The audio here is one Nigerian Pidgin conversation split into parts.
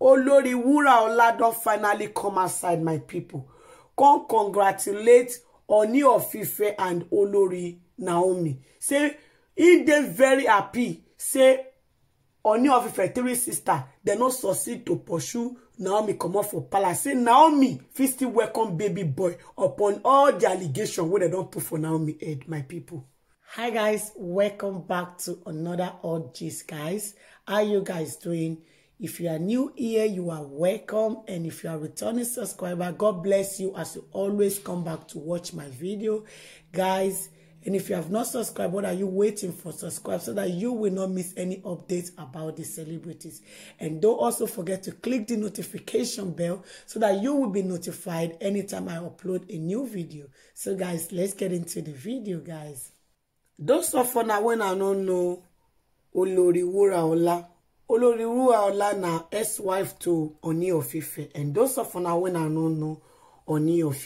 Olori Wura Oladon finally come outside my people. Come congratulate Oni of and Olori Naomi. Say, he they very happy, say, Oni of Ife three sister, they no succeed to pursue Naomi comot for palace. Say, Naomi fit still welcome baby boy upon all the allegation wey dem don put for Naomi head, my people. Hi guys, welcome back to another Odd Gist, guys. How you guys doing? If you are new here, you are welcome. And if you are returning subscriber, God bless you as you always come back to watch my video. Guys, and if you have not subscribed, what are you waiting for? Subscribe so that you will not miss any updates about the celebrities. And don't also forget to click the notification bell so that you will be notified anytime I upload a new video. So guys, let's get into the video, guys. Those of now when I don't know Olori Wuraola. Olori Oloriruwa na ex-wife to Oni of And those of una when I no know Oni of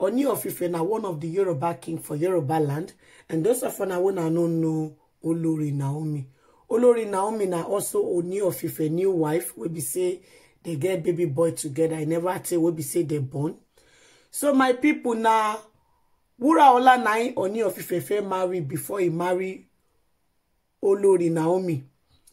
Oni of na one of the Yoruba king for Yoruba land. And those of una when I no know Olori Naomi. Olori Naomi na also Oni of new wife. We be say they get baby boy together. I never tell we be say they born. So my people na Wura Olana Oni of Ife marry before he marry Olori Naomi.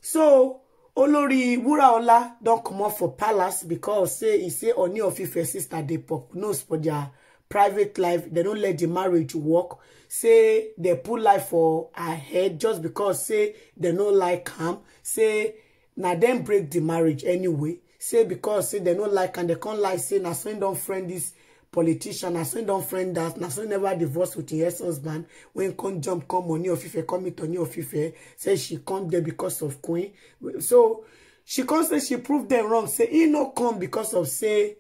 So olori wuraola don up for palace because say e say oni of ife sister dey prognose for dia private life They no let the marriage work say they put life for her head just because say they no like am say na dem break the marriage anyway say because say they no like am they can't lie say na so im don friend dis politician na so don friend dat na so never divorce with him ex-husband wey come jump come money of ife come meet oni of ife say she come there because of queen so she come say she prove dem wrong say he no come because of say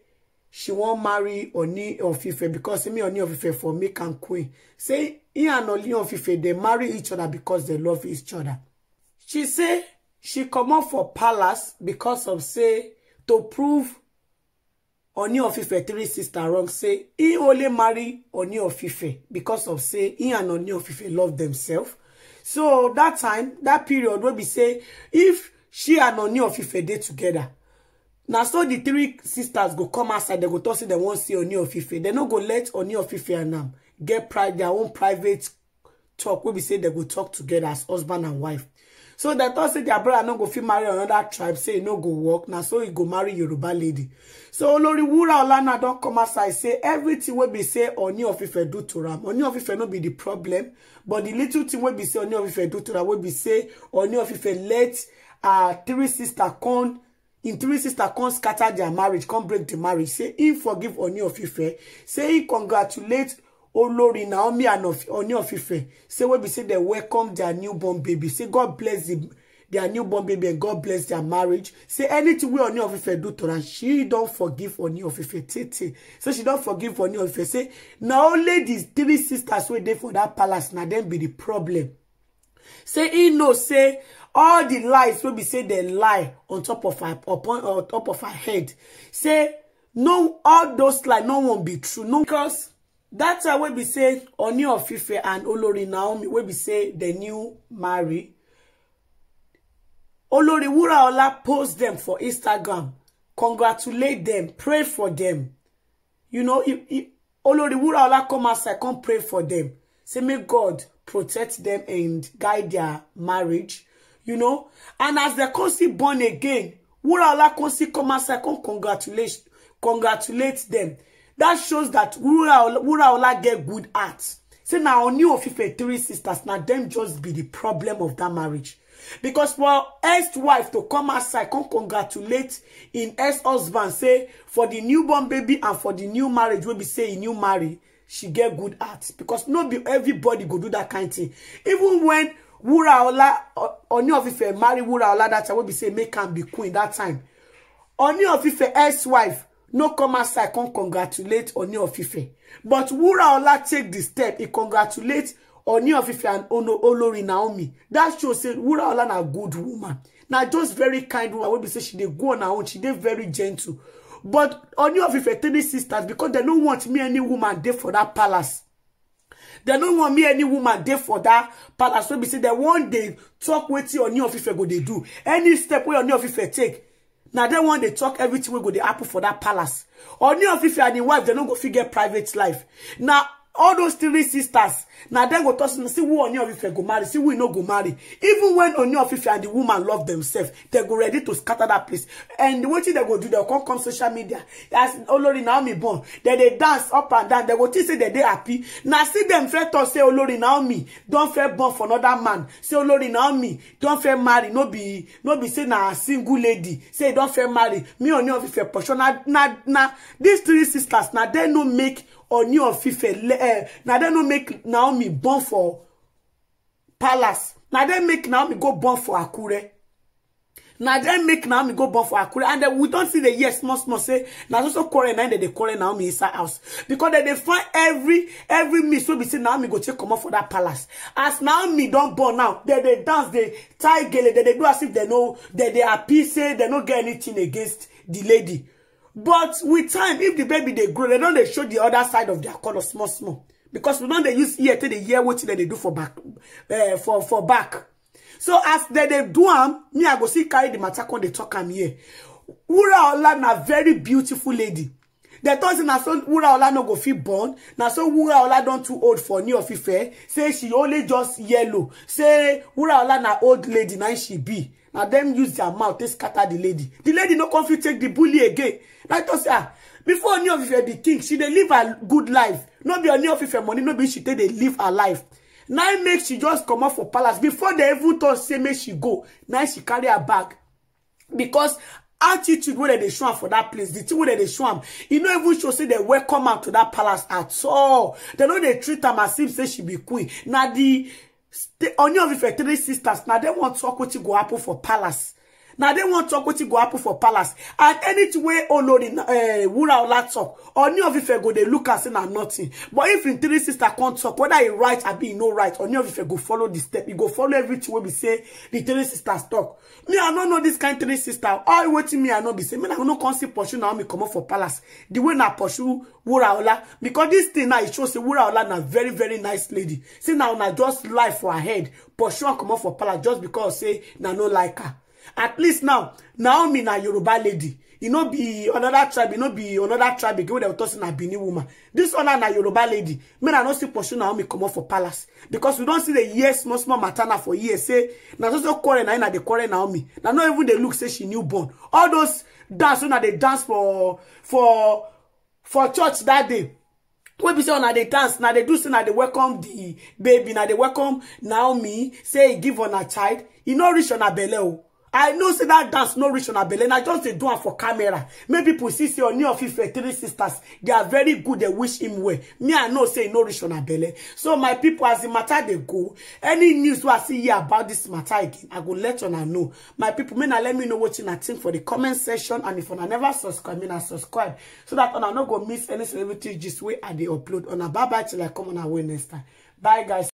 she wan marry oni of ife because me oni of ife for make am queen say he and oni of ife dey marry each other because they love each other she say she comot for palace because of say to prove Oni of three sister wrong say he only marry Oni of because of say he and Oni of love themselves. So that time, that period will be say if she and Oni of Ife together. Now so the three sisters go come outside, they go talk say they won't see Oni of They no go let Oni of and them get pride their own private talk. Will be say they go talk together as husband and wife so dem tok say their brother no go fit marry another tribe say e no go work now. so he go marry yoruba lady so olori wura olana don't come outside say everything will be say oni of ife do to ram. oni of ife no be the problem but the little thing will be say oni of ife do to ram will be say oni of ife let three sister con in three sister come scatter their marriage come break the marriage say he forgive oni of ife say he congratulate Olori Naomi and Oni of Ife. Say we be say they welcome their newborn baby. Say God bless the, their newborn baby and God bless their marriage. Say anything we Oni of do to her, she don't forgive Oni of Titi. So she don't forgive Oni of Say now only these three sisters were there for that palace. Now then be the problem. Say he know say all the lies wey be say they lie on top of her upon on top of her head. Say no all those lies no one be true. No because dat time wey be say oni of ife and olori naomi wey be say dem new marry olori wuraola post dem for instagram congratulate dem pray for dem you know olori wuraola come outside come pray for dem say make god protect dem and guide their marriage you know and as dem come see born again wuraola come see come outside come congratulate congratulate dem that shows that Wura, Wura Ola get good at. See now Ooni of Ife three sisters, now them just be the problem of that marriage. Because for ex-wife to come outside, come congratulate in ex-husband, say for the newborn baby and for the new marriage, wey be say e new marry, she get good at, Because not be everybody go do that kind of thing. Even when Wura Ola, Ooni of Ife marry Wura Ola that time, wey be say make can be queen that time. Ooni of Ife ex-wife no come outside come congratulate Oni of Ife but Ola take the step he congratulate Oni of Ife and Ono Olori Naomi that show say Wuraola na good woman na just very kind woman we be say she dey go on her own she dey very gentle but Oni of Ife three sisters because they don't want me any woman there for that palace They don't want me any woman there for that palace So be say they dem wan talk with you Oni of Ife go they do any step where Oni of Ife take Now, dem one dey talk everything wey go dey happen for that palace oni of ife and the wife they don't go figure private life Now all those three sisters Now dem go toss see who Ooni of Ife go marry see who no go marry even when Ooni of you and the woman love themselves They go ready to scatter that place and wetin they go do dem come come social media That's as Olori Naomi born Then they dance up and down They go think say dem dey happy Now see them first talk say "Oh Olori Naomi don't first born for another man say "Oh Olori Naomi don't first marry no be no be say na single lady say "Don't e don marry me Ooni of you portion na now now these three sisters Now they no make Oni of Ife. Uh, eh, now they no make Naomi born for palace. Now they make Naomi go born for Akure. Now they make Naomi go born for Akure. And then we don't see the yes, small, small say. Now also quarry nine that they quarry Naomi inside house. Because then they find every every miss will be saying Naomi go take come up for that palace. As Naomi don't born now, they they dance, they tie gele, they, they do as if they know that they, they are peace, they don't get anything against the lady but with time if the baby they grow they don't they show the other side of their color small small because we know they use ear take the hear wetin they dey do for back uh, for for back so as they they do am me i go see carry the matter come dey talk am here Wuraola na very beautiful lady dem thought say na so wuraola no go fit born na so wuraola don too old for new of ife say she only just yellow say wuraola na old lady na she be Now them use their mouth to scatter the lady the lady no come fit take the bully again na i talk say ah before oni of ife be king she dey live a good life no be oni of ife money no be she take dey live her life na make she just come comot for palace before they even thought say make she go Now she carry her bag because attitude where they dey show am for that place The thing where they dey show am e no even show say dem welcome am to that palace at all They know dey treat am as if say she be queen Now the the only of the three sisters now na dem wan talk you go happen for palace na dem wan tok wetin go happen for palace and anything wey olori oh, eh, wuraola tok oni of ife go they look as say na nothing but if im three sister come talk, whether he right abi be no right oni of ife go follow di step e go follow everything wey we say di three sisters tok me i no know this kind three sister all waiting me i know be say me i no come see pursue now me come up for palace The way na pursue Wura Ola because this thing now e show Wura Ola na very very nice lady say na una just lie for her head pursue come up for palace just because say na no like her at least now naomi na yoruba lady e no be another tribe e no be another tribe again wey dem talk say na benin woman This one na yoruba lady make i no see pursue naomi comot for palace because we don see the years small small matter na for years say na so so quarrel na im na dey quarrel naomi na no even dey look say she new born all those dance wey na dey dance for for for church that day wey be say una dey dance na dey do say na dey welcome the baby na dey welcome naomi say e give una child e no reach una belle o i know say that dance no reach una belle I just dey do it for camera Maybe pipo see say oni of ife three sisters they are very good they wish him well me i know say e no reach una belle eh? so my people, as the matter they go any news i see here about this matter again i go let on I know my people, may na let me know wetin i think for the comment section and if una never subscribe may na subscribe so that una not go miss any celebrity just way i dey upload una bye bye till i come on our way next time bye guys